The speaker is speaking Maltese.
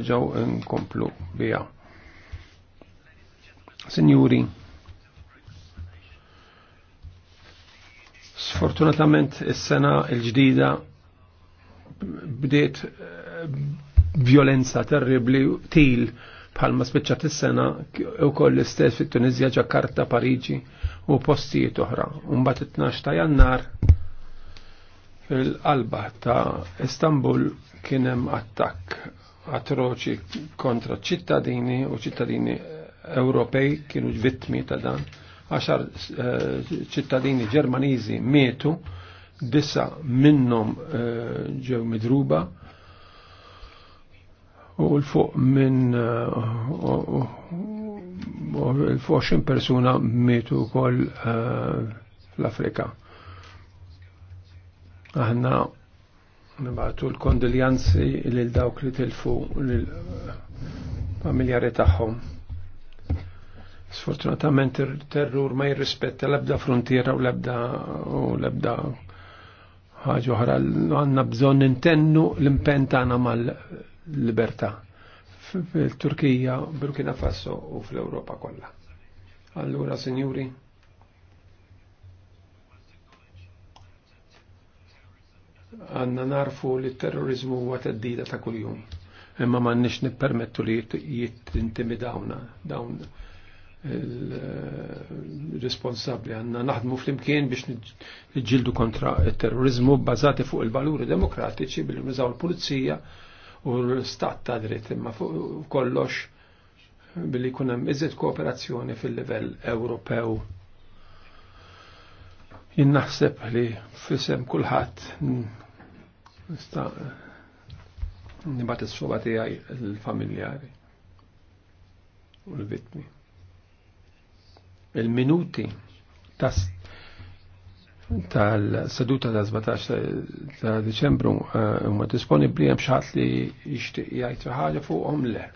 ġaw nkomplu bija. Signori, sfortunatament is-sena l-ġdida bdiet eh, violenza terribli til bħalma spiċċat is-sena u koll l-istess fit-Tunizja, Ġakarta, Pariġi u postijiet oħra. Mbagħad 12 ta' Jannar fil-qalba ta' Istanbul kien hemm attakk atroċi kontra ċittadini u ċittadini eh, Ewropej kienu vittmi ta' dan. Għaxar eh, ċittadini ġermaniżi mietu, dissa minnom eh, ġew midruba u l-fuq minn l-fuq persuna mietu kol l-Afrika. Aħna nabatu l-kondiljanzi lil dawk li tilfu l-familjari eh, tagħhom. Sfortunatament il-terror ma jirrispetta l-ebda frontiera u l-ebda u l-ebda ħaġa oħra għandna bżonn intennu l-impenn tagħna mal-libertà fil-Turkija, Burkina Faso u fl-Ewropa kollha. Allura, signori. għanna narfu li terrorizmu huwa teddida ta' kuljum. Imma ma nix nippermettu li jittintimidawna dawn il-responsabli għanna naħdmu fl-imkien biex nġildu kontra il-terrorizmu bazati fuq il-valuri demokratiċi billi nużaw l-pulizija u l-stat ta' dritt imma fuq kollox billi kunem iżid kooperazzjoni fil-livell Ewropew jinnaħseb li fisem kulħadd Nista' nibat is-soba tiegħi l-familjari u l vitmi Il-minuti tas tal-seduta ta' 17 ta' Deċembru eh, huma disponibbli hemm xi li jixtieq jgħid ħaġa fuqhom le.